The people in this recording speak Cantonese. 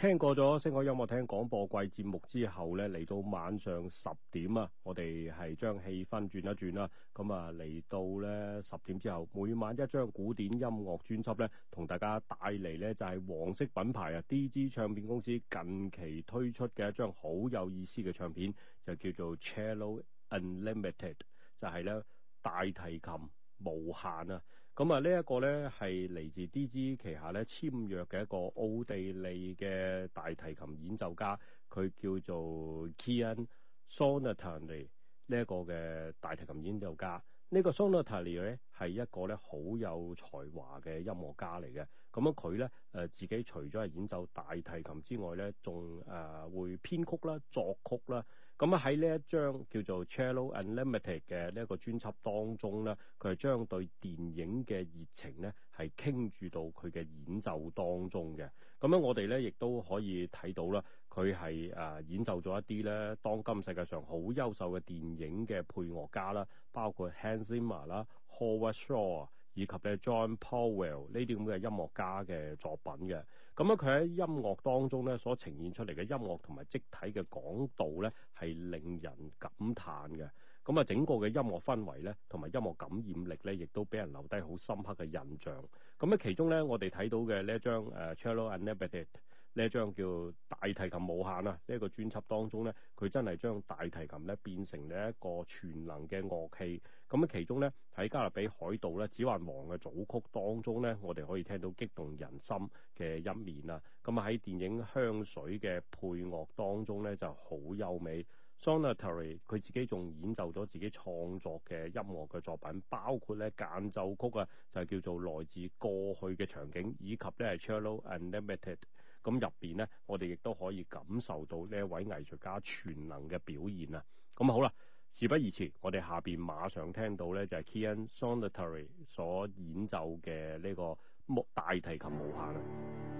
聽過咗星海音樂廳廣播季節目之後呢，嚟到晚上十點啊，我哋係將氣氛轉一轉啦。咁啊，嚟到呢十點之後，每晚一張古典音樂專輯呢，同大家帶嚟呢就係黃色品牌啊，DG 唱片公司近期推出嘅一張好有意思嘅唱片，就叫做 Cello Unlimited，就係呢大提琴無限啊！咁啊，呢一個咧係嚟自 DG 旗下咧簽約嘅一個奧地利嘅大提琴演奏家，佢叫做 Kian Soltani 呢一個嘅大提琴演奏家。呢、這個 Soltani 咧係一個咧好有才華嘅音樂家嚟嘅。咁啊，佢咧誒自己除咗係演奏大提琴之外咧，仲誒、呃、會編曲啦、作曲啦。咁喺呢一張叫做《Cello Unlimited》嘅呢一個專輯當中咧，佢係將對電影嘅熱情咧係傾注到佢嘅演奏當中嘅。咁樣我哋咧亦都可以睇到啦，佢係誒演奏咗一啲咧當今世界上好優秀嘅電影嘅配樂家啦，包括 Hans Zimmer 啦、Howard Shore 以及嘅 John Powell 呢啲咁嘅音樂家嘅作品嘅。咁咧，佢喺音樂當中咧所呈現出嚟嘅音樂同埋肢體嘅講道咧，係令人感嘆嘅。咁啊，整個嘅音樂氛圍咧，同埋音樂感染力咧，亦都俾人留低好深刻嘅印象。咁咧，其中咧，我哋睇到嘅呢一張誒《Cello Unlimited》呢一張叫《大提琴無限》啊，呢一個專輯當中咧，佢真係將大提琴咧變成呢一個全能嘅樂器。咁其中咧喺《加勒比海盜》咧，指環王嘅組曲當中咧，我哋可以聽到激動人心嘅一面啊！咁啊喺電影《香水》嘅配樂當中咧，就好優美。Sonatary 佢自己仲演奏咗自己創作嘅音樂嘅作品，包括咧間奏曲啊，就係叫做來自過去嘅場景，以及咧《係 Cello Unlimited》咁入邊咧，我哋亦都可以感受到呢一位藝術家全能嘅表現啊！咁好啦。事不宜遲，我哋下邊馬上聽到咧就係 Kian Soltani 所演奏嘅呢個大提琴無限啦。